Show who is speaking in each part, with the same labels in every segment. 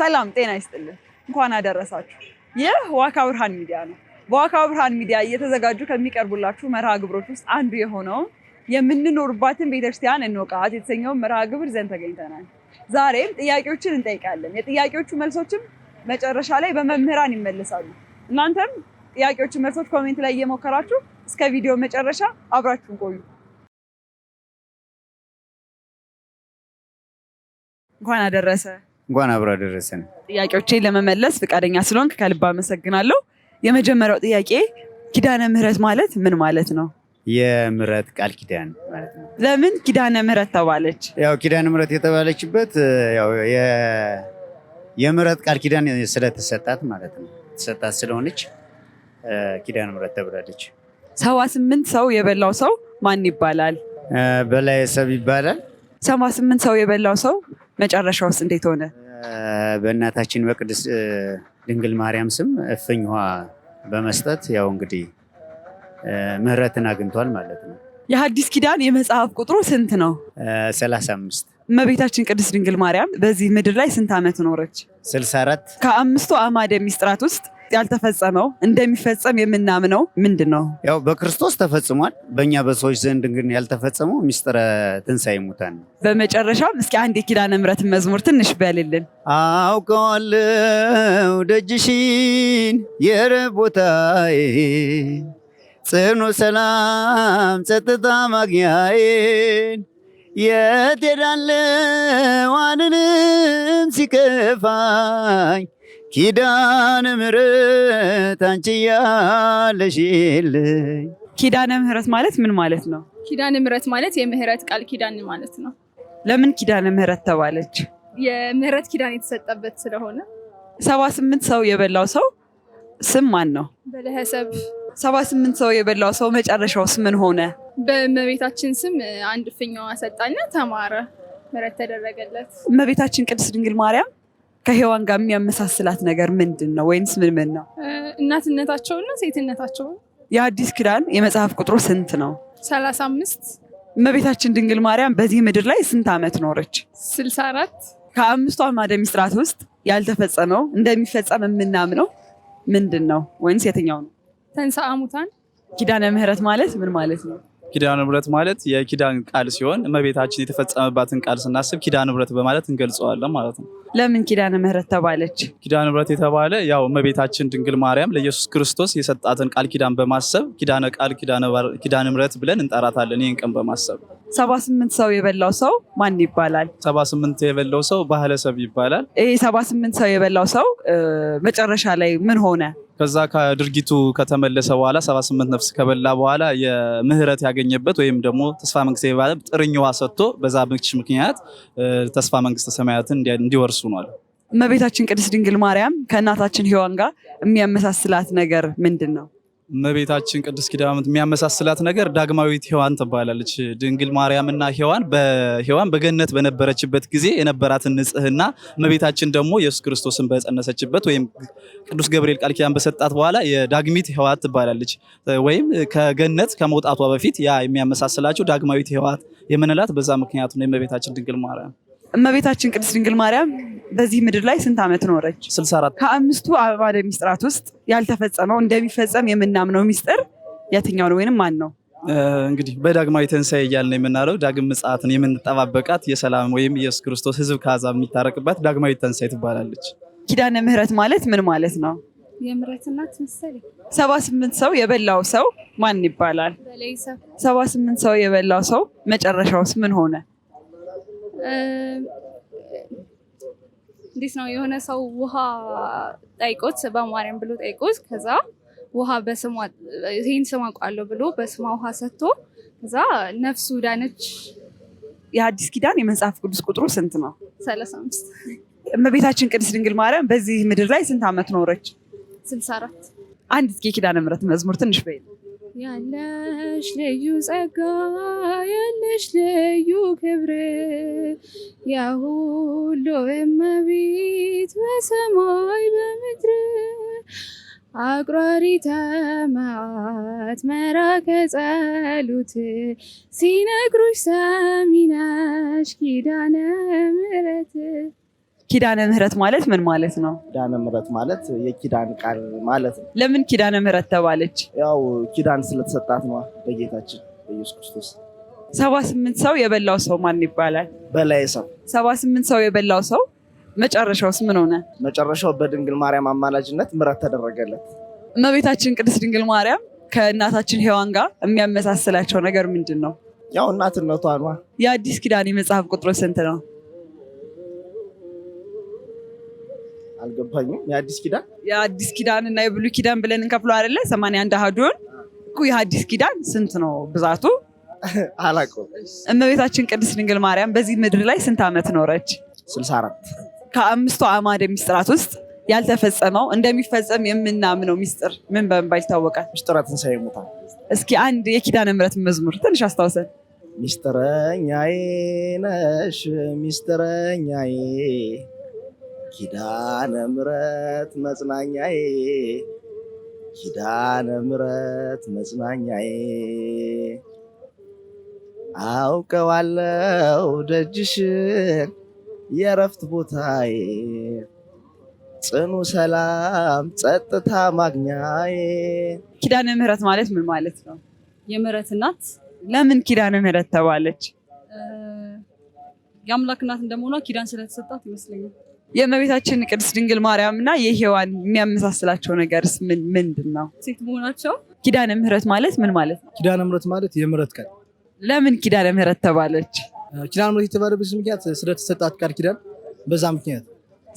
Speaker 1: ሰላም ጤና ይስጥልን። እንኳን አደረሳችሁ። ይህ ዋካ ብርሃን ሚዲያ ነው። በዋካ ብርሃን ሚዲያ እየተዘጋጁ ከሚቀርቡላችሁ መርሃ ግብሮች ውስጥ አንዱ የሆነውን የምንኖርባትን ቤተክርስቲያን እንወቃት የተሰኘውን መርሃ ግብር ዘንድ ተገኝተናል። ዛሬም ጥያቄዎችን እንጠይቃለን። የጥያቄዎቹ መልሶችም መጨረሻ ላይ በመምህራን ይመለሳሉ። እናንተም ጥያቄዎችን መልሶች ኮሜንት ላይ እየሞከራችሁ እስከ ቪዲዮ መጨረሻ አብራችሁን ቆዩ። እንኳን አደረሰ
Speaker 2: እንኳን አብሮ አደረሰን።
Speaker 1: ጥያቄዎቼን ለመመለስ ፈቃደኛ ስለሆንክ ከልብ አመሰግናለሁ። የመጀመሪያው ጥያቄ ኪዳነ ምህረት ማለት ምን ማለት ነው?
Speaker 2: የምህረት ቃል ኪዳን ማለት ነው።
Speaker 1: ለምን ኪዳነ ምህረት ተባለች?
Speaker 2: ያው ኪዳነ ምህረት የተባለችበት ያው የምህረት ቃል ኪዳን ስለተሰጣት ማለት ነው። ተሰጣት ስለሆነች ኪዳነ ምረት ተብላለች።
Speaker 1: ሰባ ስምንት ሰው የበላው ሰው ማን ይባላል?
Speaker 2: በላይ ሰብ ይባላል።
Speaker 1: ሰባ ስምንት ሰው የበላው ሰው መጨረሻውስ እንዴት ሆነ?
Speaker 2: በእናታችን በቅድስት ድንግል ማርያም ስም እፍኝ ውሃ በመስጠት ያው እንግዲህ ምሕረትን አግኝቷል ማለት ነው።
Speaker 1: የሐዲስ ኪዳን የመጽሐፍ ቁጥሩ ስንት ነው?
Speaker 2: ሰላሳ አምስት
Speaker 1: እመቤታችን ቅድስት ድንግል ማርያም በዚህ ምድር ላይ ስንት ዓመት ኖረች?
Speaker 2: 64
Speaker 1: ከአምስቱ አእማደ ምስጢራት ውስጥ ያልተፈጸመው እንደሚፈጸም የምናምነው ምንድን ነው?
Speaker 2: ያው በክርስቶስ ተፈጽሟል። በእኛ በሰዎች ዘንድ ግን ያልተፈጸመው ሚስጥረ ትንሣኤ ሙታን
Speaker 1: በመጨረሻም እስኪ አንድ የኪዳነ ምሕረት መዝሙር ትንሽ በልልን።
Speaker 2: አውቀዋለው ደጅሽን የረብ ጽኑ ሰላም ጸጥታ ማግኛዬን የት ሄዳለሁ ሲከፋኝ ኪዳነ ምሕረት አንቺ ያለሽልኝ።
Speaker 1: ኪዳነ ምሕረት ማለት ምን ማለት ነው?
Speaker 3: ኪዳነ ምሕረት ማለት የምህረት ቃል ኪዳን ማለት ነው።
Speaker 1: ለምን ኪዳነ ምሕረት ተባለች?
Speaker 3: የምህረት ኪዳን የተሰጠበት ስለሆነ።
Speaker 1: ሰባ ስምንት ሰው የበላው ሰው ስም ማን ነው? በለህሰብ ሰባ ስምንት ሰው የበላው ሰው መጨረሻውስ ምን ሆነ?
Speaker 3: በእመቤታችን ስም አንድ እፍኛዋ ሰጣና ተማረ፣ ምሕረት ተደረገለት።
Speaker 1: እመቤታችን ቅድስት ድንግል ማርያም ከሔዋን ጋር የሚያመሳስላት ነገር ምንድን ነው? ወይንስ ምን ምን ነው?
Speaker 3: እናትነታቸውና ሴትነታቸው።
Speaker 1: የአዲስ ኪዳን የመጽሐፍ ቁጥሩ ስንት ነው?
Speaker 3: ሰላሳ አምስት
Speaker 1: እመቤታችን ድንግል ማርያም በዚህ ምድር ላይ ስንት ዓመት ኖረች? ስልሳ አራት ከአምስቱ አዕማደ ምሥጢራት ውስጥ ያልተፈጸመው እንደሚፈጸም የምናምነው ምንድን ነው? ወይንስ የትኛው ነው?
Speaker 3: ተንሳ አሙታን
Speaker 1: ኪዳነ ምህረት ማለት ምን ማለት ነው?
Speaker 2: ኪዳነ ምህረት ማለት የኪዳን ቃል ሲሆን እመቤታችን የተፈጸመባትን ቃል ስናስብ ኪዳነ ምህረት በማለት እንገልጸዋለን ማለት ነው።
Speaker 1: ለምን ኪዳነ ምህረት ተባለች?
Speaker 2: ኪዳነ ምህረት የተባለ ያው እመቤታችን ድንግል ማርያም ለኢየሱስ ክርስቶስ የሰጣትን ቃል ኪዳን በማሰብ ኪዳነ ቃል ኪዳነ ምህረት ብለን እንጠራታለን። ይህን ቀን በማሰብ
Speaker 1: ሰባ ስምንት ሰው የበላው ሰው ማን ይባላል?
Speaker 2: ሰባ ስምንት የበላው ሰው ባህለሰብ ይባላል።
Speaker 1: ይህ ሰባ ስምንት ሰው የበላው ሰው መጨረሻ ላይ ምን ሆነ?
Speaker 2: ከዛ ከድርጊቱ ከተመለሰ በኋላ 78 ነፍስ ከበላ በኋላ የምህረት ያገኘበት ወይም ደግሞ ተስፋ መንግስት የሚባለው ጥርኛዋ ሰጥቶ በዛ ምክንያት ተስፋ መንግስት ሰማያትን እንዲወርሱ ኗል።
Speaker 1: እመቤታችን ቅድስት ድንግል ማርያም ከእናታችን ሔዋን ጋር የሚያመሳስላት ነገር ምንድን ነው?
Speaker 2: እመቤታችን ቅድስት ኪዳነ የሚያመሳስላት ነገር ዳግማዊት ሔዋን ትባላለች። ድንግል ማርያምና ሔዋን በሔዋን በገነት በነበረችበት ጊዜ የነበራትን ንጽህና እመቤታችን ደግሞ ኢየሱስ ክርስቶስን በጸነሰችበት ወይም ቅዱስ ገብርኤል ቃል ኪዳን በሰጣት በኋላ የዳግሚት ሔዋን ትባላለች። ወይም ከገነት ከመውጣቷ በፊት ያ የሚያመሳስላቸው ዳግማዊት ሔዋን የምንላት በዛ ምክንያት ነው። የእመቤታችን ድንግል ማርያም
Speaker 1: እመቤታችን ቅድስት ድንግል ማርያም በዚህ ምድር ላይ ስንት ዓመት ኖረች? ከአምስቱ አዕማደ ሚስጥራት ውስጥ ያልተፈጸመው እንደሚፈጸም የምናምነው ሚስጥር የትኛው ነው ወይንም ማን ነው?
Speaker 2: እንግዲህ በዳግማዊ ትንሣኤ እያልን የምናለው ዳግም ምጽአትን የምንጠባበቃት የሰላም ወይም ኢየሱስ ክርስቶስ ሕዝብ ከአሕዛብ የሚታረቅባት ዳግማዊ ትንሣኤ ትባላለች።
Speaker 1: ኪዳነ ምሕረት ማለት ምን ማለት ነው? የምሕረት ሰባ ስምንት ሰው የበላው ሰው ማን ይባላል? ሰባ ስምንት ሰው የበላው ሰው መጨረሻውስ ምን ሆነ?
Speaker 3: እንዴት ነው የሆነ ሰው ውሃ ጠይቆት በማርያም ብሎ ጠይቆት ከዛ ውሃ ይህን ስም አውቃለሁ ብሎ በስማ ውሃ ሰጥቶ ከዛ ነፍሱ ዳነች።
Speaker 1: የአዲስ ኪዳን የመጽሐፍ ቅዱስ ቁጥሩ ስንት ነው? ሰላሳ አምስት እመቤታችን ቅድስት ድንግል ማርያም በዚህ ምድር ላይ ስንት ዓመት ኖረች? ስልሳ አራት አንድ እስኪ ኪዳነ ምሕረት መዝሙር ትንሽ በይ
Speaker 2: ያለሽ ልዩ ጸጋ ያለሽ ልዩ ክብር ያሁሉ እመቤት በሰማይ በምድር አቁራሪተ መዓት መራከ ጸሎት ሲነግሩሽ ሰሚ ኪዳነ ምሕረት
Speaker 1: ኪዳነ ምህረት ማለት ምን ማለት ነው?
Speaker 2: ኪዳነ ምህረት ማለት የኪዳን ቃል ማለት
Speaker 1: ነው። ለምን ኪዳነ ምህረት ተባለች?
Speaker 2: ያው ኪዳን ስለተሰጣት ነው በጌታችን በኢየሱስ ክርስቶስ።
Speaker 1: ሰባ ስምንት ሰው የበላው ሰው ማን ይባላል? በላይ ሰው። ሰባ ስምንት ሰው የበላው ሰው መጨረሻውስ ምን ሆነ?
Speaker 2: መጨረሻው በድንግል ማርያም አማላጅነት ምህረት ተደረገለት።
Speaker 1: እመቤታችን ቅድስት ድንግል ማርያም ከእናታችን ሔዋን ጋር የሚያመሳስላቸው ነገር ምንድን ነው?
Speaker 2: ያው እናትነቷ።
Speaker 1: የአዲስ ኪዳን የመጽሐፍ ቁጥሮች ስንት ነው?
Speaker 2: አልገባኝም። የአዲስ ኪዳን
Speaker 1: የአዲስ ኪዳን እና የብሉይ ኪዳን ብለን እንከፍለው አይደለ? ሰማንያ አንድ አሃዱን እኮ የአዲስ ኪዳን ስንት ነው ብዛቱ?
Speaker 2: አላውቀውም።
Speaker 1: እመቤታችን ቅድስት ድንግል ማርያም በዚህ ምድር ላይ ስንት ዓመት ኖረች? ስልሳ አራት ከአምስቱ አዕማደ ምስጢራት ውስጥ ያልተፈጸመው እንደሚፈጸም የምናምነው ሚስጥር ምን በመባል ይታወቃል?
Speaker 2: ሚስጥረ ትንሣኤ ሙታን።
Speaker 1: እስኪ አንድ የኪዳነ ምሕረት መዝሙር ትንሽ አስታውሰን።
Speaker 2: ሚስጥረኛዬ ነሽ ሚስጥረኛዬ ኪዳነ ምሕረት መጽናኛዬ ኪዳነ ምሕረት መጽናኛዬ አውቀዋለው ደጅሽን የእረፍት ቦታዬ ጽኑ ሰላም ጸጥታ ማግኛዬ።
Speaker 1: ኪዳነ ምሕረት ማለት ምን ማለት ነው?
Speaker 3: የምሕረት እናት።
Speaker 1: ለምን ኪዳነ ምሕረት ተባለች?
Speaker 3: የአምላክ እናት እንደመሆኗ ኪዳን ስለተሰጣት ይመስለኛል።
Speaker 1: የእመቤታችን ቅድስት ድንግል ማርያም እና የሔዋን የሚያመሳስላቸው ነገርስ ምንድን ነው?
Speaker 3: ሴት መሆናቸው።
Speaker 1: ኪዳነ ምሕረት ማለት ምን ማለት ነው?
Speaker 2: ኪዳነ ምሕረት ማለት የምሕረት ቀን።
Speaker 1: ለምን ኪዳነ ምሕረት ተባለች?
Speaker 2: ኪዳነ ምሕረት የተባለበት ምክንያት ስለተሰጣት ቃል ኪዳን፣ በዛ ምክንያት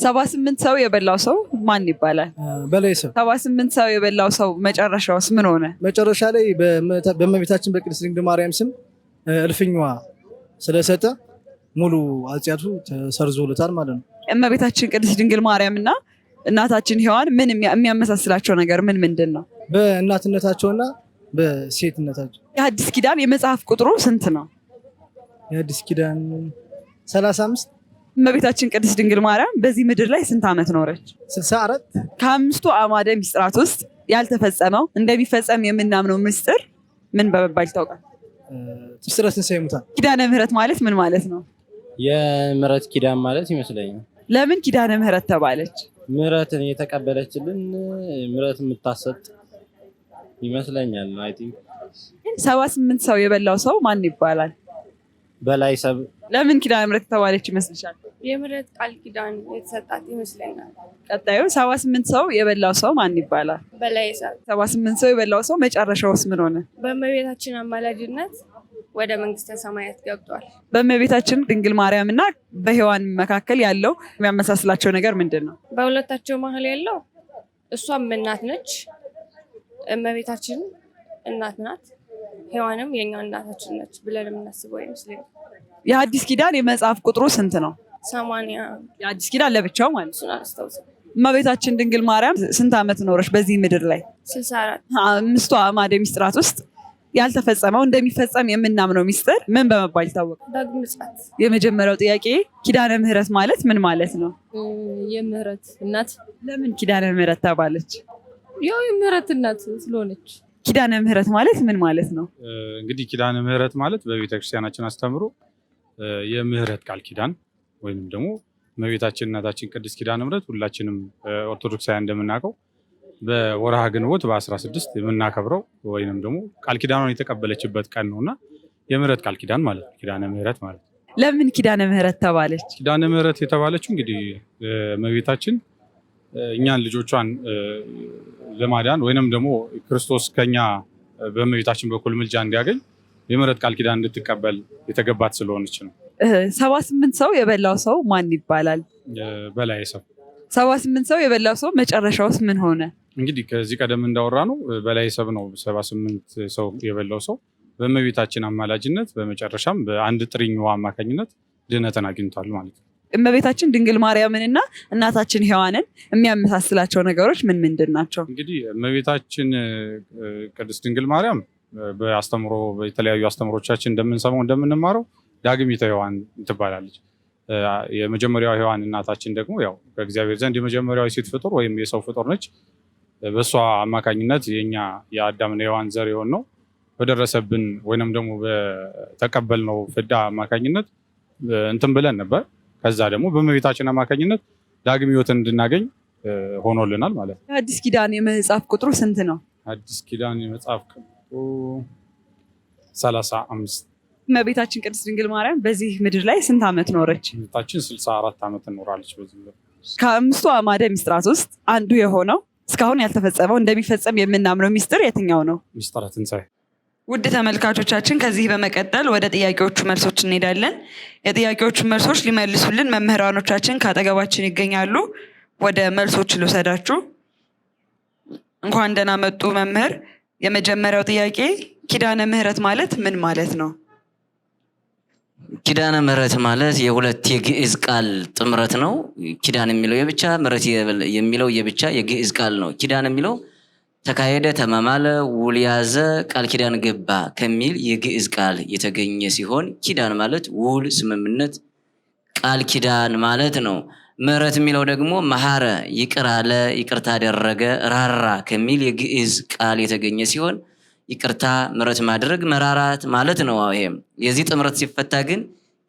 Speaker 1: ሰባ ስምንት ሰው የበላው ሰው ማን ይባላል? በላይ ሰው። ሰባ ስምንት ሰው የበላው ሰው መጨረሻውስ ምን ሆነ?
Speaker 2: መጨረሻ ላይ በእመቤታችን በቅድስት ድንግል ማርያም ስም እልፍኛዋ ስለሰጠ ሙሉ አጽያቱ ተሰርዞለታል ማለት ነው።
Speaker 1: እመቤታችን ቅድስት ድንግል ማርያም እና እናታችን ሔዋን ምን የሚያመሳስላቸው ነገር ምን ምንድን ነው?
Speaker 2: በእናትነታቸውና በሴትነታቸው።
Speaker 1: የአዲስ ኪዳን የመጽሐፍ ቁጥሩ ስንት ነው?
Speaker 2: የአዲስ ኪዳን ሰላሳ አምስት
Speaker 1: እመቤታችን ቅድስት ድንግል ማርያም በዚህ ምድር ላይ ስንት ዓመት ኖረች? ስልሳ አራት ከአምስቱ አዕማደ ምስጢራት ውስጥ ያልተፈጸመው እንደሚፈጸም የምናምነው ምስጢር ምን በመባል ይታወቃል?
Speaker 2: ምስጢረ ትንሣኤ ሙታን።
Speaker 1: ኪዳነ ምሕረት ማለት ምን ማለት ነው?
Speaker 2: የምሕረት ኪዳን ማለት ይመስለኛል።
Speaker 1: ለምን ኪዳነ ምህረት ተባለች?
Speaker 2: ምህረትን የተቀበለችልን ምህረት የምታሰጥ ይመስለኛል። አይ ቲንክ
Speaker 1: ሰባ ስምንት ሰው የበላው ሰው ማን ይባላል? በላይ ሰብ ለምን ኪዳነ ምህረት የተባለች ይመስልሻል?
Speaker 3: የምህረት ቃል ኪዳን የተሰጣት ይመስለኛል።
Speaker 1: ቀጣዩ ሰባ ስምንት ሰው የበላው ሰው ማን ይባላል? በላይ ሰብ ሰባ ስምንት ሰው የበላው ሰው መጨረሻውስ ምን ሆነ?
Speaker 3: በእመቤታችን አማላጅነት ወደ መንግስተ ሰማያት ገብቷል።
Speaker 1: በእመቤታችን ድንግል ማርያም እና በሔዋን መካከል ያለው የሚያመሳስላቸው ነገር ምንድን ነው?
Speaker 3: በሁለታቸው መሀል ያለው እሷም እናት ነች፣ እመቤታችን እናት ናት፣ ሔዋንም የኛ እናታችን ነች ብለን የምናስበው ይመስለኛል።
Speaker 1: የአዲስ ኪዳን የመጽሐፍ ቁጥሩ ስንት ነው? ሰማንያ የአዲስ ኪዳን ለብቻው ማለት ነው። እመቤታችን ድንግል ማርያም ስንት ዓመት ኖረች በዚህ ምድር ላይ? ስልሳ አራት አምስቱ አእማደ ምስጢራት ውስጥ ያልተፈጸመው እንደሚፈጸም የምናምነው ሚስጥር ምን በመባል ይታወቃል? የመጀመሪያው ጥያቄ ኪዳነ ምህረት ማለት ምን ማለት ነው?
Speaker 3: የምህረት እናት።
Speaker 1: ለምን ኪዳነ ምህረት ተባለች?
Speaker 3: ያው የምህረት እናት ስለሆነች።
Speaker 1: ኪዳነ ምህረት ማለት ምን ማለት ነው?
Speaker 2: እንግዲህ ኪዳነ ምህረት ማለት በቤተክርስቲያናችን አስተምሮ የምህረት ቃል ኪዳን ወይም ደግሞ እመቤታችን እናታችን ቅድስት ኪዳነ ምህረት ሁላችንም ኦርቶዶክሳውያን እንደምናውቀው በወርሃ ግንቦት በ16 የምናከብረው ወይንም ደግሞ ቃል ኪዳኗን የተቀበለችበት ቀን ነውና የምህረት ቃል ኪዳን ማለት ነው። ኪዳነ ምህረት ማለት ነው።
Speaker 1: ለምን ኪዳነ ምህረት ተባለች?
Speaker 2: ኪዳነ ምህረት የተባለችው እንግዲህ እመቤታችን እኛን ልጆቿን ለማዳን ወይንም ደግሞ ክርስቶስ ከኛ በእመቤታችን በኩል ምልጃ እንዲያገኝ የምህረት ቃል ኪዳን እንድትቀበል የተገባት ስለሆነች ነው።
Speaker 1: ሰባ ስምንት ሰው የበላው ሰው ማን ይባላል? በላይ ሰው ሰባ ስምንት ሰው የበላው ሰው መጨረሻውስ ምን ሆነ?
Speaker 2: እንግዲህ ከዚህ ቀደም እንዳወራ ነው በላይ ሰብ ነው ሰባ ስምንት ሰው የበላው ሰው በእመቤታችን አማላጅነት በመጨረሻም በአንድ ጥሪኛዋ አማካኝነት ድህነትን አግኝቷል ማለት ነው።
Speaker 1: እመቤታችን ድንግል ማርያምንና እናታችን ሔዋንን የሚያመሳስላቸው ነገሮች ምን ምንድን ናቸው?
Speaker 2: እንግዲህ እመቤታችን ቅድስት ድንግል ማርያም በአስተምሮ የተለያዩ አስተምሮቻችን እንደምንሰማው እንደምንማረው ዳግሚተ ሔዋን ትባላለች። የመጀመሪያዋ ሔዋን እናታችን ደግሞ ያው በእግዚአብሔር ዘንድ የመጀመሪያዋ ሴት ፍጡር ወይም የሰው ፍጡር ነች። በእሷ አማካኝነት የኛ የአዳምና የዋን ዘር የሆን ነው በደረሰብን ወይንም ደግሞ በተቀበልነው ፍዳ አማካኝነት እንትን ብለን ነበር። ከዛ ደግሞ በእመቤታችን አማካኝነት ዳግም ህይወትን እንድናገኝ ሆኖልናል ማለት ነው።
Speaker 1: አዲስ ኪዳን የመጽሐፍ ቁጥሩ ስንት ነው?
Speaker 2: አዲስ ኪዳን የመጽሐፍ ቁጥሩ ሰላሳ አምስት
Speaker 1: እመቤታችን ቅድስት ድንግል ማርያም በዚህ ምድር ላይ ስንት ዓመት ኖረች?
Speaker 2: እመቤታችን ስልሳ አራት ዓመት እኖራለች በዚህ
Speaker 1: ከአምስቱ አዕማደ ምስጢራት ውስጥ አንዱ የሆነው እስካሁን ያልተፈጸመው እንደሚፈጸም የምናምነው ሚስጥር የትኛው ነው?
Speaker 2: ሚስጥረ ትንሣኤ።
Speaker 1: ውድ ተመልካቾቻችን ከዚህ በመቀጠል ወደ ጥያቄዎቹ መልሶች እንሄዳለን። የጥያቄዎቹ መልሶች ሊመልሱልን መምህራኖቻችን ከአጠገባችን ይገኛሉ። ወደ መልሶች ልውሰዳችሁ። እንኳን ደህና መጡ መምህር። የመጀመሪያው ጥያቄ ኪዳነ ምሕረት ማለት ምን ማለት ነው?
Speaker 4: ኪዳነ ምሕረት ማለት የሁለት የግዕዝ ቃል ጥምረት ነው። ኪዳን የሚለው የብቻ ምሕረት የሚለው የብቻ የግዕዝ ቃል ነው። ኪዳን የሚለው ተካሄደ፣ ተማማለ፣ ውል ያዘ፣ ቃል ኪዳን ገባ ከሚል የግዕዝ ቃል የተገኘ ሲሆን ኪዳን ማለት ውል፣ ስምምነት፣ ቃል ኪዳን ማለት ነው። ምሕረት የሚለው ደግሞ መሐረ፣ ይቅር አለ፣ ይቅርታ አደረገ፣ ራራ ከሚል የግዕዝ ቃል የተገኘ ሲሆን ይቅርታ ምረት ማድረግ መራራት ማለት ነው። ይሄም የዚህ ጥምረት ሲፈታ ግን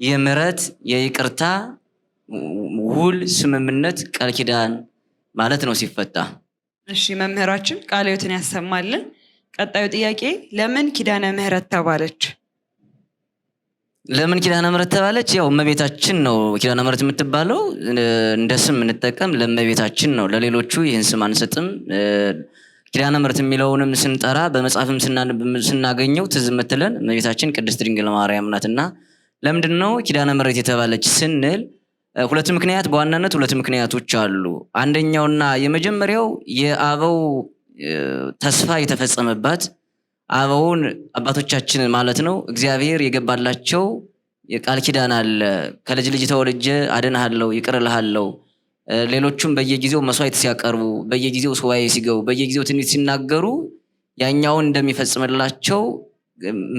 Speaker 4: የምረት የይቅርታ ውል ስምምነት ቃል ኪዳን ማለት ነው ሲፈታ።
Speaker 1: እሺ መምህራችን ቃለ ሕይወትን ያሰማልን። ቀጣዩ ጥያቄ ለምን ኪዳነ ምሕረት ተባለች?
Speaker 4: ለምን ኪዳነ ምሕረት ተባለች? ያው እመቤታችን ነው ኪዳነ ምሕረት የምትባለው። እንደ ስም የምንጠቀም ለእመቤታችን ነው። ለሌሎቹ ይህን ስም አንሰጥም። ኪዳነ ምሕረት የሚለውንም ስንጠራ በመጽሐፍም ስናገኘው ትዝ የምትለን እመቤታችን ቅድስት ድንግል ማርያም ናትና ለምንድን ነው ኪዳነ ምሕረት የተባለች ስንል ሁለት ምክንያት በዋናነት ሁለት ምክንያቶች አሉ። አንደኛውና የመጀመሪያው የአበው ተስፋ የተፈጸመባት አበውን አባቶቻችን ማለት ነው እግዚአብሔር የገባላቸው የቃል ኪዳን አለ። ከልጅ ልጅ ተወልጄ አድንሃለሁ፣ ይቅር እልሃለሁ ሌሎቹም በየጊዜው መስዋዕት ሲያቀርቡ፣ በየጊዜው ሱባኤ ሲገቡ፣ በየጊዜው ትንቢት ሲናገሩ ያኛውን እንደሚፈጽምላቸው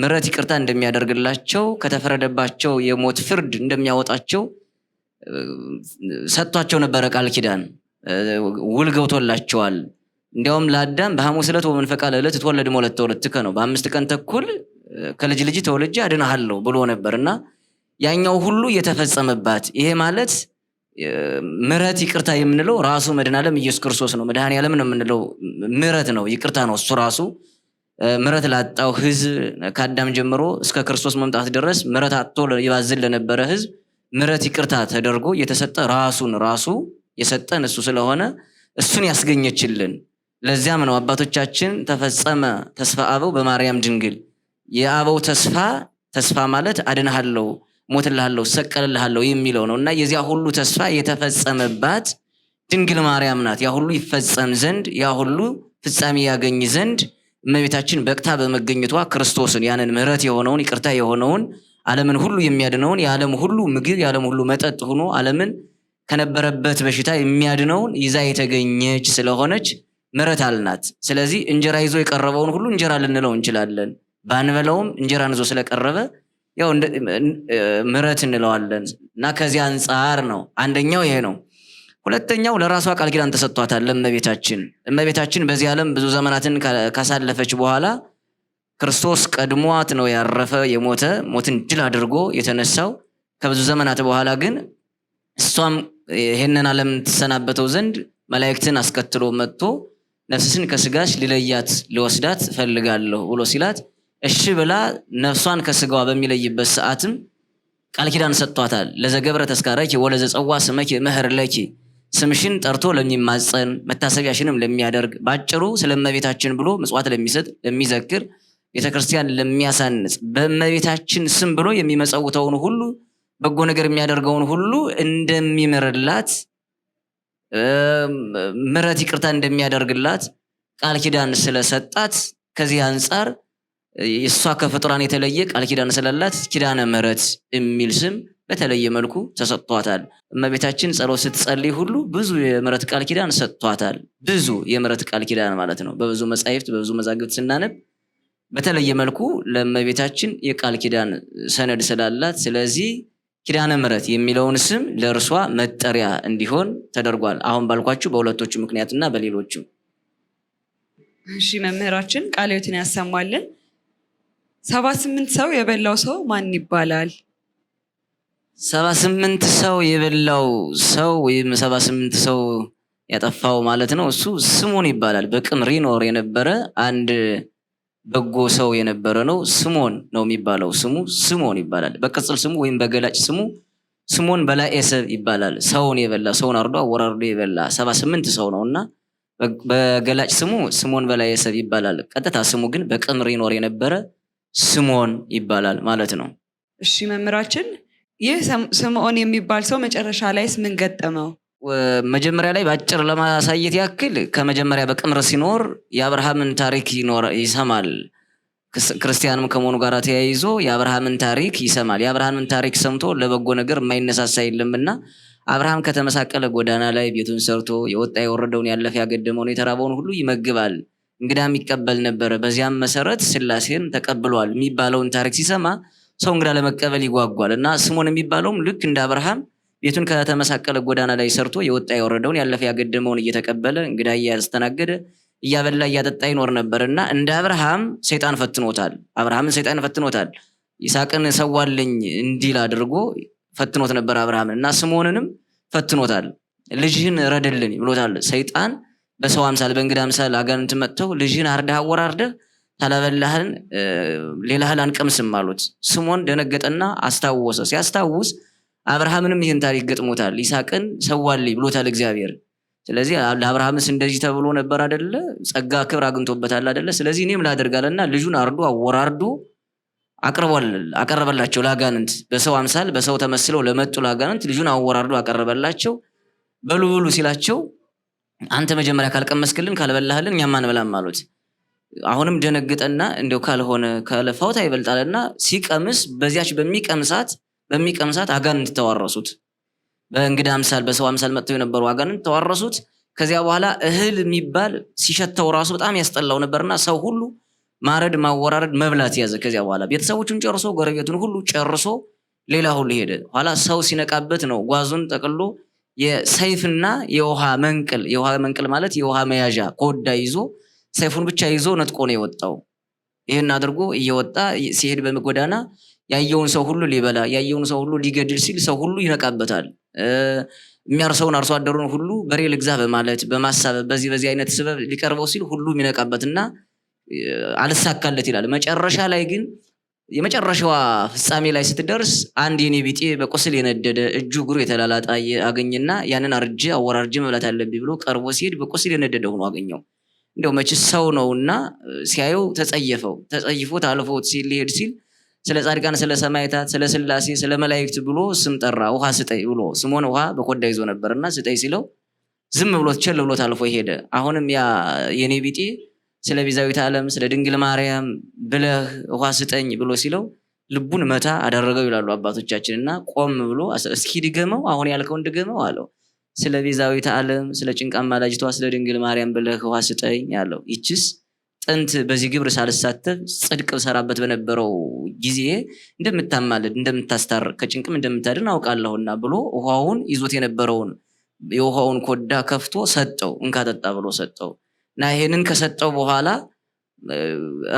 Speaker 4: ምረት ይቅርታ እንደሚያደርግላቸው ከተፈረደባቸው የሞት ፍርድ እንደሚያወጣቸው ሰጥቷቸው ነበረ ቃል ኪዳን ውል ገብቶላቸዋል። እንዲያውም ለአዳም በሐሙስ ዕለት ወመንፈቀ ለዕለት እትወለድ እምወለተ ወለትከ ነው፣ በአምስት ቀን ተኩል ከልጅ ልጅ ተወልጄ አድንሃለሁ ብሎ ነበር እና ያኛው ሁሉ የተፈጸመባት ይሄ ማለት ምረት ይቅርታ የምንለው ራሱ መድኃኔዓለም ኢየሱስ ክርስቶስ ነው። መድኃኔዓለም ነው የምንለው ምረት ነው፣ ይቅርታ ነው። እሱ ራሱ ምረት ላጣው ህዝብ ከአዳም ጀምሮ እስከ ክርስቶስ መምጣት ድረስ ምረት አጥቶ ይባዝን ለነበረ ህዝብ ምረት ይቅርታ ተደርጎ የተሰጠ ራሱን ራሱ የሰጠን እሱ ስለሆነ እሱን ያስገኘችልን። ለዚያም ነው አባቶቻችን ተፈጸመ ተስፋ አበው በማርያም ድንግል የአበው ተስፋ ተስፋ ማለት አድንሃለው ሞትልሃለሁ፣ ሰቀልልሃለሁ የሚለው ነው እና የዚያ ሁሉ ተስፋ የተፈጸመባት ድንግል ማርያም ናት። ያ ሁሉ ይፈጸም ዘንድ ያ ሁሉ ፍጻሜ ያገኝ ዘንድ እመቤታችን በቅታ በመገኘቷ ክርስቶስን ያንን ምሕረት የሆነውን ይቅርታ የሆነውን ዓለምን ሁሉ የሚያድነውን የዓለም ሁሉ ምግብ የዓለም ሁሉ መጠጥ ሆኖ ዓለምን ከነበረበት በሽታ የሚያድነውን ይዛ የተገኘች ስለሆነች ምሕረት አልናት። ስለዚህ እንጀራ ይዞ የቀረበውን ሁሉ እንጀራ ልንለው እንችላለን። ባንበላውም እንጀራን ይዞ ስለቀረበ ያው ምረት እንለዋለን እና ከዚህ አንጻር ነው። አንደኛው ይሄ ነው። ሁለተኛው ለራሷ ቃል ኪዳን ተሰጥቷታል ለእመቤታችን። እመቤታችን በዚህ ዓለም ብዙ ዘመናትን ካሳለፈች በኋላ ክርስቶስ ቀድሟት ነው ያረፈ የሞተ ሞትን ድል አድርጎ የተነሳው። ከብዙ ዘመናት በኋላ ግን እሷም ይህንን ዓለም ትሰናበተው ዘንድ መላይክትን አስከትሎ መጥቶ ነፍስን ከስጋሽ ሊለያት ሊወስዳት ፈልጋለሁ ብሎ ሲላት እሺ ብላ ነፍሷን ከስጋዋ በሚለይበት ሰዓትም ቃል ኪዳን ሰጥቷታል። ለዘገብረ ተስካረኪ ወለዘጸዋ ስመኪ ምህር ለኪ ስምሽን ጠርቶ ለሚማፀን መታሰቢያሽንም ለሚያደርግ ባጭሩ ስለእመቤታችን ብሎ ምጽዋት ለሚሰጥ ለሚዘክር ቤተክርስቲያን ለሚያሳንጽ በእመቤታችን ስም ብሎ የሚመጸውተውን ሁሉ በጎ ነገር የሚያደርገውን ሁሉ እንደሚምርላት ምረት ይቅርታ እንደሚያደርግላት ቃል ኪዳን ስለሰጣት ከዚህ አንጻር እሷ ከፍጡራን የተለየ ቃል ኪዳን ስላላት ኪዳነ ምሕረት የሚል ስም በተለየ መልኩ ተሰጥቷታል። እመቤታችን ጸሎት ስትጸልይ ሁሉ ብዙ የምሕረት ቃል ኪዳን ሰጥቷታል። ብዙ የምሕረት ቃል ኪዳን ማለት ነው። በብዙ መጻሕፍት፣ በብዙ መዛግብት ስናነብ በተለየ መልኩ ለእመቤታችን የቃል ኪዳን ሰነድ ስላላት ስለዚህ ኪዳነ ምሕረት የሚለውን ስም ለእርሷ መጠሪያ እንዲሆን ተደርጓል። አሁን ባልኳችሁ በሁለቶቹ ምክንያትና በሌሎቹም።
Speaker 1: እሺ መምህራችን ቃልዮትን ያሰማልን። ሰባ ስምንት ሰው የበላው ሰው ማን ይባላል?
Speaker 4: ሰባ ስምንት ሰው የበላው ሰው ወይም ሰባ ስምንት ሰው ያጠፋው ማለት ነው። እሱ ስሞን ይባላል። በቅምሪ ኖር የነበረ አንድ በጎ ሰው የነበረ ነው። ስሞን ነው የሚባለው። ስሙ ስሞን ይባላል። በቅጽል ስሙ ወይም በገላጭ ስሙ ስሞን በላዔሰብ ይባላል። ሰውን የበላ ሰውን አርዶ አወራርዶ የበላ ሰባ ስምንት ሰው ነው እና በገላጭ ስሙ ስሞን በላዔሰብ ይባላል። ቀጥታ ስሙ ግን በቅምሪ ኖር የነበረ ስምዖን ይባላል ማለት ነው።
Speaker 1: እሺ መምህራችን፣ ይህ ስምዖን የሚባል ሰው መጨረሻ ላይስ ምን ገጠመው?
Speaker 4: መጀመሪያ ላይ በአጭር ለማሳየት ያክል ከመጀመሪያ በቅምር ሲኖር የአብርሃምን ታሪክ ይሰማል። ክርስቲያንም ከመሆኑ ጋር ተያይዞ የአብርሃምን ታሪክ ይሰማል። የአብርሃምን ታሪክ ሰምቶ ለበጎ ነገር የማይነሳሳ የለምና አብርሃም ከተመሳቀለ ጎዳና ላይ ቤቱን ሰርቶ የወጣ የወረደውን ያለፈ ያገደመውን የተራበውን ሁሉ ይመግባል። እንግዳ የሚቀበል ነበረ። በዚያም መሰረት ስላሴን ተቀብሏል የሚባለውን ታሪክ ሲሰማ ሰው እንግዳ ለመቀበል ይጓጓል እና ስሞን የሚባለውም ልክ እንደ አብርሃም ቤቱን ከተመሳቀለ ጎዳና ላይ ሰርቶ የወጣ የወረደውን ያለፈ ያገደመውን እየተቀበለ እንግዳ እያስተናገደ እያበላ እያጠጣ ይኖር ነበር እና እንደ አብርሃም ሰይጣን ፈትኖታል። አብርሃምን ሰይጣን ፈትኖታል። ይስሐቅን ሰዋልኝ እንዲል አድርጎ ፈትኖት ነበር አብርሃምን እና ስሞንንም ፈትኖታል። ልጅህን ረድልን ብሎታል ሰይጣን በሰው አምሳል በእንግዳ አምሳል አጋንንት መጥተው ልጅን አርደህ አወራርደህ ታላበላህን ሌላ እህል አንቀምስም አሉት። ስሞን ደነገጠና አስታወሰ። ሲያስታውስ አብርሃምንም ይህን ታሪክ ገጥሞታል። ይስሐቅን ሰዋልኝ ብሎታል እግዚአብሔር። ስለዚህ ለአብርሃምስ እንደዚህ ተብሎ ነበር አደለ? ጸጋ ክብር አግኝቶበታል አደለ? ስለዚህ እኔም ላደርጋለና ልጁን አርዶ አወራርዶ አቀረበላቸው ለአጋንንት። በሰው አምሳል በሰው ተመስለው ለመጡ ለአጋንንት ልጁን አወራርዶ አቀረበላቸው። በሉ ብሉ ሲላቸው አንተ መጀመሪያ ካልቀመስክልን ካልበላህልን እኛም አንበላም አሉት። አሁንም ደነግጠና እንዲያው ካልሆነ ከለፋውታ ይበልጣልና ሲቀምስ በዚያች በሚቀምሳት በሚቀምሳት አጋንንት ተዋረሱት። በእንግዳ አምሳል በሰው አምሳል መጥተው የነበሩ አጋንንት ተዋረሱት። ከዚያ በኋላ እህል የሚባል ሲሸተው ራሱ በጣም ያስጠላው ነበርና ሰው ሁሉ ማረድ፣ ማወራረድ፣ መብላት ያዘ። ከዚያ በኋላ ቤተሰቦቹን ጨርሶ ጎረቤቱን ሁሉ ጨርሶ ሌላ ሁሉ ሄደ። ኋላ ሰው ሲነቃበት ነው ጓዙን ጠቅሎ የሰይፍና የውሃ መንቅል የውሃ መንቅል ማለት የውሃ መያዣ ኮዳ ይዞ ሰይፉን ብቻ ይዞ ነጥቆ ነው የወጣው። ይህን አድርጎ እየወጣ ሲሄድ በጎዳና ያየውን ሰው ሁሉ ሊበላ ያየውን ሰው ሁሉ ሊገድል ሲል ሰው ሁሉ ይነቃበታል። የሚያርሰውን አርሶ አደሩን ሁሉ በሬ ልግዛ በማለት በማሳበብ በዚህ በዚህ አይነት ስበብ ሊቀርበው ሲል ሁሉ የሚነቃበትና አልሳካለት ይላል። መጨረሻ ላይ ግን የመጨረሻዋ ፍጻሜ ላይ ስትደርስ አንድ የኔ ቢጤ በቁስል የነደደ እጁ እግሩ የተላላጣ አገኝና ያንን አርጄ አወራርጄ መብላት አለብኝ ብሎ ቀርቦ ሲሄድ በቁስል የነደደ ሆኖ አገኘው። እንደው መችስ ሰው ነውና ሲያየው ተጸየፈው። ተጸይፎት አልፎት ሲል ሊሄድ ሲል ስለ ጻድቃን፣ ስለ ሰማይታት፣ ስለ ስላሴ፣ ስለ መላእክት ብሎ ስም ጠራ። ውሃ ስጠይ ብሎ ስሞን ውሃ በኮዳ ይዞ ነበርና ስጠይ ሲለው ዝም ብሎት ቸል ብሎት አልፎ ሄደ። አሁንም ያ የኔ ቢጤ ስለ ቤዛዊት ዓለም ስለ ድንግል ማርያም ብለህ ውሃ ስጠኝ ብሎ ሲለው ልቡን መታ አደረገው ይላሉ አባቶቻችን። እና ቆም ብሎ እስኪ ድገመው፣ አሁን ያልከውን ድገመው አለው። ስለ ቤዛዊት ዓለም ስለ ጭንቅ ማላጅቷ ስለ ድንግል ማርያም ብለህ ውሃ ስጠኝ አለው። ይችስ ጥንት በዚህ ግብር ሳልሳተፍ ጽድቅ ሰራበት በነበረው ጊዜ እንደምታማልድ እንደምታስታር ከጭንቅም እንደምታድን አውቃለሁና ብሎ ውሃውን ይዞት የነበረውን የውሃውን ኮዳ ከፍቶ ሰጠው። እንካጠጣ ብሎ ሰጠው። እና ይሄንን ከሰጠው በኋላ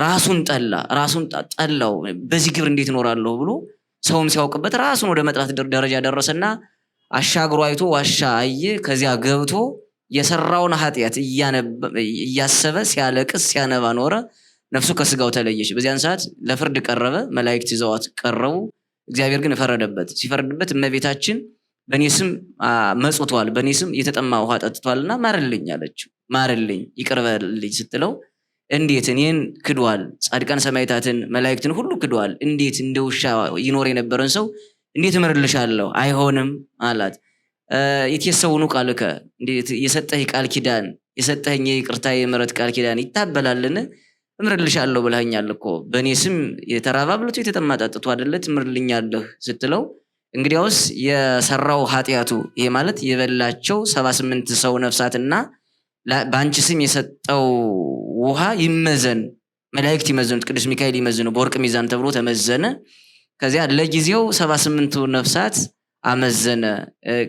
Speaker 4: ራሱን ጠላ ራሱን ጠላው። በዚህ ግብር እንዴት እኖራለሁ ብሎ ሰውም ሲያውቅበት ራሱን ወደ መጥላት ደረጃ ደረሰና አሻግሮ አይቶ ዋሻ አየ። ከዚያ ገብቶ የሰራውን ኃጢአት እያሰበ ሲያለቅስ ሲያነባ ኖረ። ነፍሱ ከስጋው ተለየች። በዚያን ሰዓት ለፍርድ ቀረበ። መላይክት ይዘዋት ቀረቡ። እግዚአብሔር ግን እፈረደበት ሲፈረድበት እመቤታችን በእኔ ስም መጽቷል፣ በእኔ ስም የተጠማ ውሃ ጠጥቷልና ማርልኝ አለችው። ማርልኝ፣ ይቅርበልኝ ስትለው እንዴት እኔን ክዷል፣ ጻድቃን ሰማይታትን መላእክትን ሁሉ ክዷል፣ እንዴት እንደ ውሻ ይኖር የነበረን ሰው እንዴት እምርልሻለሁ? አይሆንም አላት። የትየሰውኑ ቃልከ የሰጠህ ቃል ኪዳን የሰጠኝ የይቅርታ የምሕረት ቃል ኪዳን ይታበላልን? እምርልሻለሁ ብለኸኛል እኮ በእኔ ስም የተራባ አብልቶ የተጠማ አደለት እምርልኛለህ ስትለው እንግዲያውስ የሰራው ኃጢአቱ ይሄ ማለት የበላቸው ሰባ ስምንት ሰው ነፍሳትና በአንቺ ስም የሰጠው ውሃ ይመዘን፣ መላእክት ይመዘኑት፣ ቅዱስ ሚካኤል ይመዝኑ በወርቅ ሚዛን ተብሎ ተመዘነ። ከዚያ ለጊዜው ሰባ ስምንቱ ነፍሳት አመዘነ።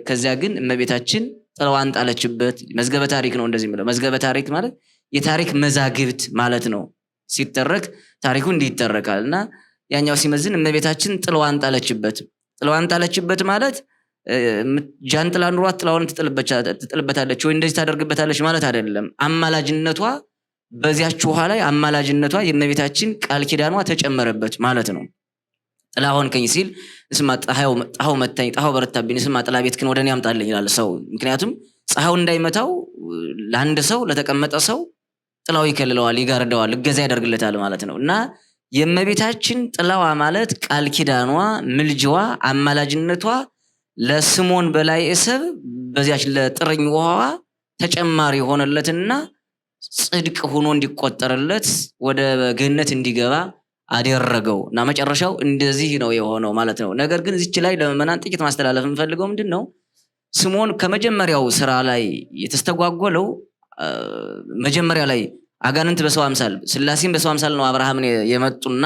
Speaker 4: ከዚያ ግን እመቤታችን ጥለዋን ጣለችበት። መዝገበ ታሪክ ነው እንደዚህ የሚለው መዝገበ ታሪክ ማለት የታሪክ መዛግብት ማለት ነው። ሲተረክ ታሪኩ እንዲህ ይተረካል እና ያኛው ሲመዝን እመቤታችን ጥለዋን ጣለችበት። ጥለዋን ጣለችበት ማለት ጃንጥላ ኑሯት ጥላውን ትጥልበታለች ወይ እንደዚህ ታደርግበታለች ማለት አይደለም። አማላጅነቷ በዚያች ውሃ ላይ አማላጅነቷ የእመቤታችን ቃል ኪዳኗ ተጨመረበት ማለት ነው። ጥላ ሆንከኝ ሲል እስማ ጣኸው መታኝ፣ ጣኸው በረታብኝ፣ እስማ ጥላ ቤት ወደ እኔ ያምጣልኝ ይላል ሰው። ምክንያቱም ፀሐዩ እንዳይመታው ለአንድ ሰው ለተቀመጠ ሰው ጥላው ይከልለዋል፣ ይጋርደዋል፣ እገዛ ያደርግለታል ማለት ነው እና የእመቤታችን ጥላዋ ማለት ቃል ኪዳኗ፣ ምልጅዋ፣ አማላጅነቷ ለስሞን በላይ እስብ በዚያች ለጥርኝ ውሃዋ ተጨማሪ ሆነለትና ጽድቅ ሆኖ እንዲቆጠርለት ወደ ገነት እንዲገባ አደረገው እና መጨረሻው እንደዚህ ነው የሆነው ማለት ነው። ነገር ግን እዚች ላይ ለምዕመናን ጥቂት ማስተላለፍ የምፈልገው ምንድን ነው? ስሞን ከመጀመሪያው ስራ ላይ የተስተጓጎለው መጀመሪያ ላይ አጋንንት በሰው አምሳል ስላሴም በሰው አምሳል ነው አብርሃምን የመጡና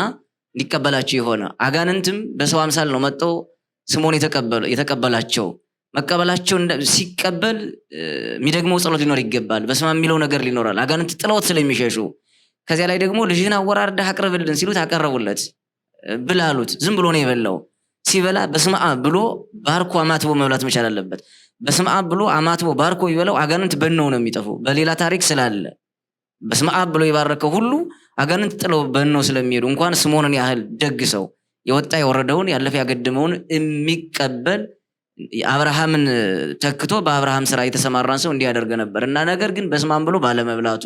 Speaker 4: እንዲቀበላቸው የሆነ አጋንንትም በሰው አምሳል ነው መጠው ስምዖን የተቀበላቸው መቀበላቸው ሲቀበል የሚደግመው ጸሎት ሊኖር ይገባል። በስማ የሚለው ነገር ሊኖራል። አጋንንት ጥለውት ስለሚሸሹ ከዚያ ላይ ደግሞ ልጅህን አወራርደህ አቅርብልን ሲሉት አቀረቡለት። ብላ አሉት። ዝም ብሎ ነው የበላው። ሲበላ በስመ አብ ብሎ ባርኮ አማትቦ መብላት መቻል አለበት። በስመ አብ ብሎ አማትቦ ባርኮ ይበላው አጋንንት በነው ነው የሚጠፉ። በሌላ ታሪክ ስላለ በስመ አብ ብሎ የባረከው ሁሉ አጋንንት ጥለው በነው ስለሚሄዱ እንኳን ስምዖንን ያህል ደግ ሰው የወጣ የወረደውን ያለፈ ያገደመውን የሚቀበል አብርሃምን ተክቶ በአብርሃም ስራ የተሰማራን ሰው እንዲያደርገ ነበር እና ነገር ግን በስማም ብሎ ባለመብላቱ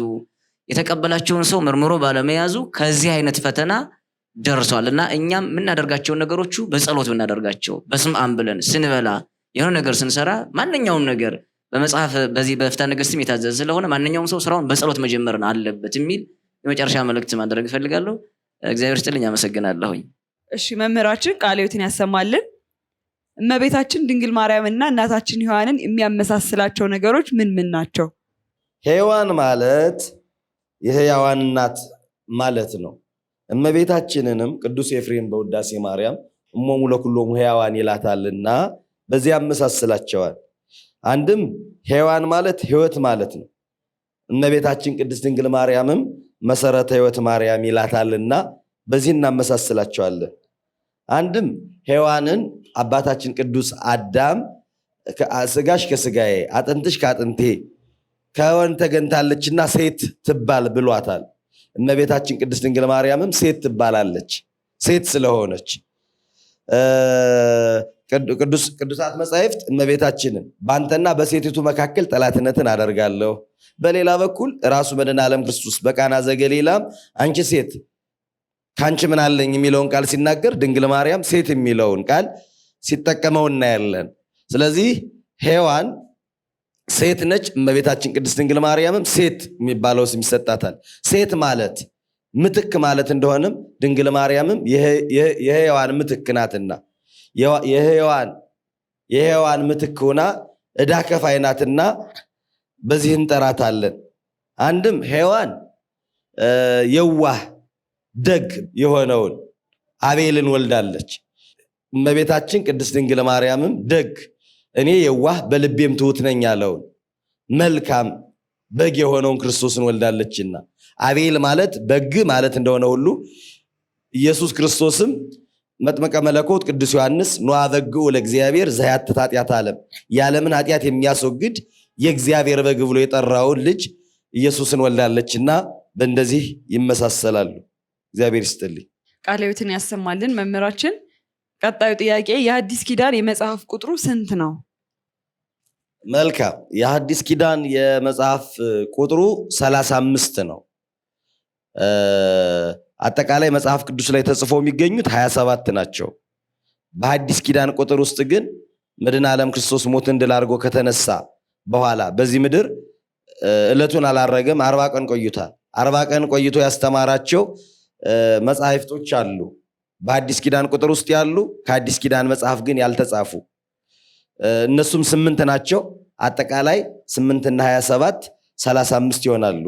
Speaker 4: የተቀበላቸውን ሰው መርምሮ ባለመያዙ ከዚህ አይነት ፈተና ደርሷል እና እኛም የምናደርጋቸውን ነገሮቹ በጸሎት ብናደርጋቸው በስምአም ብለን ስንበላ የሆነ ነገር ስንሰራ ማንኛውም ነገር በመጽሐፍ በዚህ በፍትሐ ነገሥትም የታዘዘ ስለሆነ ማንኛውም ሰው ስራውን በጸሎት መጀመርን አለበት የሚል የመጨረሻ መልእክት ማድረግ እፈልጋለሁ። እግዚአብሔር ስጥልኝ። አመሰግናለሁኝ።
Speaker 1: እሺ መምህራችን ቃልዮትን ያሰማልን። እመቤታችን ድንግል ማርያምና እናታችን ሔዋንን የሚያመሳስላቸው ነገሮች ምን ምን ናቸው?
Speaker 2: ሔዋን ማለት የህያዋን እናት ማለት ነው። እመቤታችንንም ቅዱስ ኤፍሬም በውዳሴ ማርያም እሞሙ ለኩሎሙ ሕያዋን ይላታልና በዚህ ያመሳስላቸዋል። አንድም ሔዋን ማለት ህይወት ማለት ነው። እመቤታችን ቅድስት ድንግል ማርያምም መሰረተ ህይወት ማርያም ይላታልና በዚህ እናመሳስላቸዋለን። አንድም ሔዋንን አባታችን ቅዱስ አዳም ስጋሽ ከስጋዬ አጥንትሽ ከአጥንቴ ከወን ተገንታለችና ሴት ትባል ብሏታል። እመቤታችን ቅድስት ድንግል ማርያምም ሴት ትባላለች። ሴት ስለሆነች ቅዱሳት መጻሕፍት እመቤታችንን በአንተና በሴቲቱ መካከል ጠላትነትን አደርጋለሁ፣ በሌላ በኩል ራሱ መድኃኔ ዓለም ክርስቶስ በቃና ዘገሊላም አንቺ ሴት ከአንቺ ምን አለኝ የሚለውን ቃል ሲናገር ድንግል ማርያም ሴት የሚለውን ቃል ሲጠቀመው እናያለን። ስለዚህ ሔዋን ሴት ነች። እመቤታችን ቅድስት ድንግል ማርያምም ሴት የሚባለው ስም ይሰጣታል። ሴት ማለት ምትክ ማለት እንደሆነም ድንግል ማርያምም የሔዋን ምትክ ናትና የሔዋን ምትክ ሆና እዳ ከፋይ ናትና በዚህ እንጠራታለን። አንድም ሔዋን የዋህ ደግ የሆነውን አቤልን ወልዳለች። እመቤታችን ቅድስት ድንግል ማርያምም ደግ እኔ የዋህ በልቤም ትሑት ነኝ ያለውን መልካም በግ የሆነውን ክርስቶስን ወልዳለችና አቤል ማለት በግ ማለት እንደሆነ ሁሉ ኢየሱስ ክርስቶስም መጥመቀ መለኮት ቅዱስ ዮሐንስ ኖአ በግዑ ለእግዚአብሔር ዘያትት ኃጢአት ዓለም የዓለምን ኃጢአት የሚያስወግድ የእግዚአብሔር በግ ብሎ የጠራውን ልጅ ኢየሱስን ወልዳለችና በእንደዚህ ይመሳሰላሉ። እግዚአብሔር ይስጥልኝ።
Speaker 1: ቃለ ያሰማልን መምህራችን። ቀጣዩ ጥያቄ የአዲስ ኪዳን የመጽሐፍ ቁጥሩ ስንት ነው?
Speaker 2: መልካም የአዲስ ኪዳን የመጽሐፍ ቁጥሩ ሰላሳ አምስት ነው። አጠቃላይ መጽሐፍ ቅዱስ ላይ ተጽፎ የሚገኙት ሀያ ሰባት ናቸው። በአዲስ ኪዳን ቁጥር ውስጥ ግን ምድን ዓለም ክርስቶስ ሞት እንድል አድርጎ ከተነሳ በኋላ በዚህ ምድር እለቱን አላረገም። አርባ ቀን ቆይቷል። አርባ ቀን ቆይቶ ያስተማራቸው መጽሐፍቶች አሉ በአዲስ ኪዳን ቁጥር ውስጥ ያሉ ከአዲስ ኪዳን መጽሐፍ ግን ያልተጻፉ እነሱም ስምንት ናቸው። አጠቃላይ ስምንትና ሀያ ሰባት ሰላሳ አምስት ይሆናሉ።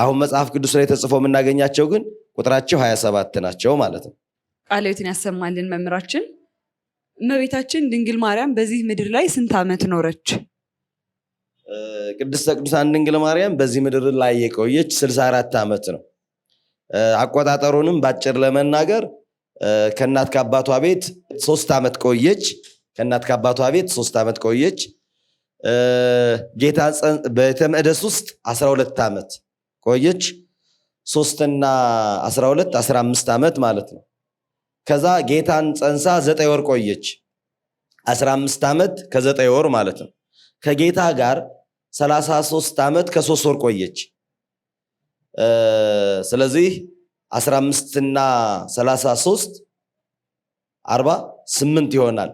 Speaker 2: አሁን መጽሐፍ ቅዱስ ላይ ተጽፎ የምናገኛቸው ግን ቁጥራቸው ሀያ ሰባት ናቸው ማለት ነው።
Speaker 1: ቃልዎትን ያሰማልን መምራችን እመቤታችን ድንግል ማርያም በዚህ ምድር ላይ ስንት ዓመት ኖረች?
Speaker 2: ቅድስተ ቅዱሳን ድንግል ማርያም በዚህ ምድር ላይ የቆየች ስልሳ አራት ዓመት ነው። አቆጣጠሩንም ባጭር ለመናገር ከእናት ከአባቷ ቤት ሶስት ዓመት ቆየች። ከእናት ከአባቷ ቤት ሶስት ዓመት ቆየች። ጌታ ቤተ መቅደስ ውስጥ 12 ዓመት ቆየች። ሶስትና 12 15 ዓመት ማለት ነው። ከዛ ጌታን ጸንሳ ዘጠኝ ወር ቆየች። 15 ዓመት ከዘጠኝ ወር ማለት ነው። ከጌታ ጋር 33 ዓመት ከሶስት ወር ቆየች። ስለዚህ 15 እና 33 48 ይሆናል።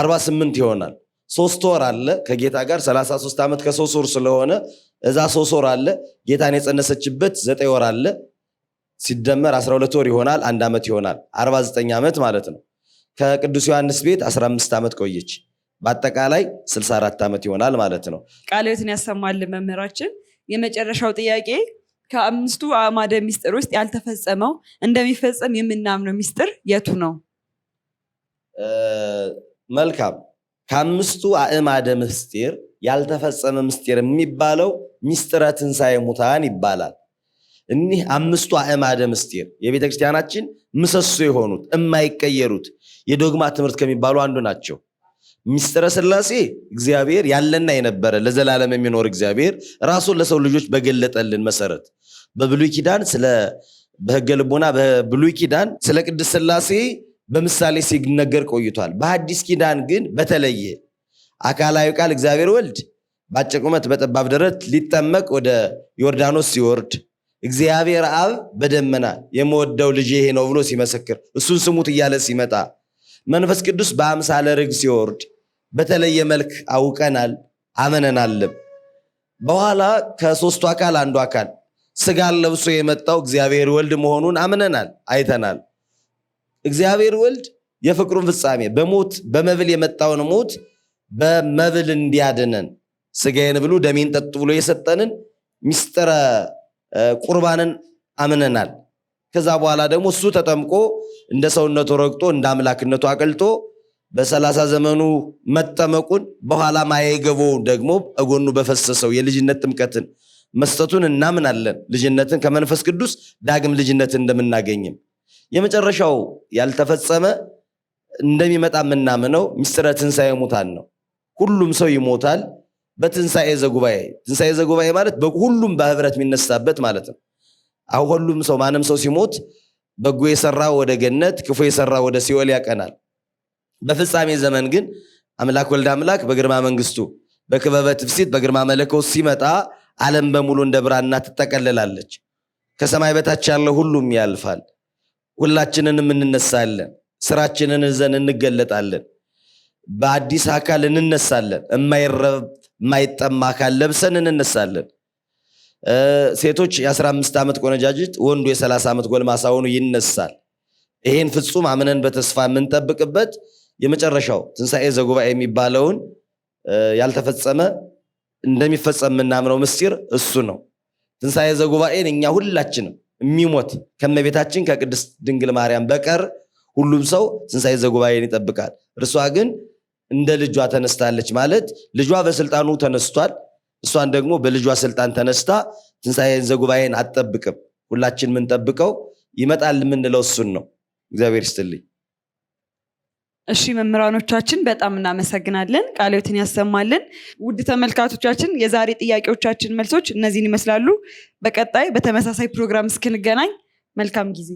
Speaker 2: 48 ይሆናል። ሶስት ወር አለ ከጌታ ጋር 33 ዓመት ከሶስት ወር ስለሆነ እዛ ሶስት ወር አለ። ጌታን የጸነሰችበት ዘጠኝ ወር አለ። ሲደመር 12 ወር ይሆናል። አንድ ዓመት ይሆናል። 49 ዓመት ማለት ነው። ከቅዱስ ዮሐንስ ቤት 15 ዓመት ቆየች። በአጠቃላይ 64 ዓመት ይሆናል ማለት ነው።
Speaker 1: ቃልዎትን ያሰማል መምህራችን። የመጨረሻው ጥያቄ ከአምስቱ አእማደ ሚስጥር ውስጥ ያልተፈጸመው እንደሚፈጸም የምናምነው ሚስጥር የቱ ነው?
Speaker 2: መልካም። ከአምስቱ አእማደ ምስጢር ያልተፈጸመ ምስጢር የሚባለው ሚስጥረ ትንሣኤ ሙታን ይባላል። እኒህ አምስቱ አእማደ ምስጢር የቤተ ክርስቲያናችን ምሰሶ የሆኑት የማይቀየሩት የዶግማ ትምህርት ከሚባሉ አንዱ ናቸው። ሚስጥረ ስላሴ እግዚአብሔር ያለና የነበረ ለዘላለም የሚኖር እግዚአብሔር ራሱን ለሰው ልጆች በገለጠልን መሰረት በብሉይ ኪዳን ስለ በሕገ ልቦና በብሉይ ኪዳን ስለ ቅድስት ስላሴ በምሳሌ ሲነገር ቆይቷል። በሐዲስ ኪዳን ግን በተለየ አካላዊ ቃል እግዚአብሔር ወልድ በአጭር ቁመት በጠባብ ደረት ሊጠመቅ ወደ ዮርዳኖስ ሲወርድ እግዚአብሔር አብ በደመና የምወደው ልጅ ይሄ ነው ብሎ ሲመሰክር እሱን ስሙት እያለ ሲመጣ መንፈስ ቅዱስ በአምሳለ ርግ ሲወርድ በተለየ መልክ አውቀናል፣ አመነናልም። በኋላ ከሶስቱ አካል አንዱ አካል ስጋን ለብሶ የመጣው እግዚአብሔር ወልድ መሆኑን አምነናል፣ አይተናል። እግዚአብሔር ወልድ የፍቅሩን ፍጻሜ በሞት በመብል የመጣውን ሞት በመብል እንዲያድነን ስጋዬን ብሉ ደሜን ጠጡ ብሎ የሰጠንን ሚስጥረ ቁርባንን አምነናል። ከዛ በኋላ ደግሞ እሱ ተጠምቆ እንደ ሰውነቱ ረግጦ እንደ አምላክነቱ አቅልጦ በሰላሳ ዘመኑ መጠመቁን በኋላ ማየገቦ ደግሞ እጎኑ በፈሰሰው የልጅነት ጥምቀትን መስጠቱን እናምናለን። ልጅነትን ከመንፈስ ቅዱስ ዳግም ልጅነትን እንደምናገኝም የመጨረሻው ያልተፈጸመ እንደሚመጣ የምናምነው ሚስጥረ ትንሣኤ ሙታን ነው። ሁሉም ሰው ይሞታል በትንሣኤ ዘጉባኤ። ትንሣኤ ዘጉባኤ ማለት ሁሉም በህብረት የሚነሳበት ማለት ነው። ሁሉም ሰው ማንም ሰው ሲሞት በጎ የሰራ ወደ ገነት፣ ክፉ የሰራ ወደ ሲኦል ያቀናል። በፍጻሜ ዘመን ግን አምላክ ወልድ አምላክ በግርማ መንግስቱ በክበበ ትፍሲት በግርማ መለኮት ሲመጣ ዓለም በሙሉ እንደ ብራና ትጠቀልላለች። ከሰማይ በታች ያለው ሁሉም ያልፋል። ሁላችንንም እንነሳለን። ስራችንን እዘን እንገለጣለን። በአዲስ አካል እንነሳለን። የማይረብ የማይጠማ አካል ለብሰን እንነሳለን። ሴቶች የ15 ዓመት ቆነጃጅት ወንዱ የ30 ዓመት ጎልማሳ ሆኖ ይነሳል። ይህን ፍጹም አምነን በተስፋ የምንጠብቅበት የመጨረሻው ትንሣኤ ዘጉባኤ የሚባለውን ያልተፈጸመ እንደሚፈጸም የምናምነው ምስጢር እሱ ነው። ትንሣኤ ዘጉባኤን እኛ ሁላችንም የሚሞት ከመቤታችን ከቅድስት ድንግል ማርያም በቀር ሁሉም ሰው ትንሣኤ ዘጉባኤን ይጠብቃል። እርሷ ግን እንደ ልጇ ተነስታለች ማለት ልጇ በስልጣኑ ተነስቷል። እሷን ደግሞ በልጇ ስልጣን ተነስታ ትንሣኤን ዘጉባኤን አትጠብቅም። ሁላችን የምንጠብቀው ይመጣል የምንለው እሱን ነው። እግዚአብሔር ይስጥልኝ።
Speaker 1: እሺ መምህራኖቻችን በጣም እናመሰግናለን፣ ቃልዎትን ያሰማልን። ውድ ተመልካቶቻችን የዛሬ ጥያቄዎቻችን መልሶች እነዚህን ይመስላሉ። በቀጣይ በተመሳሳይ ፕሮግራም እስክንገናኝ መልካም ጊዜ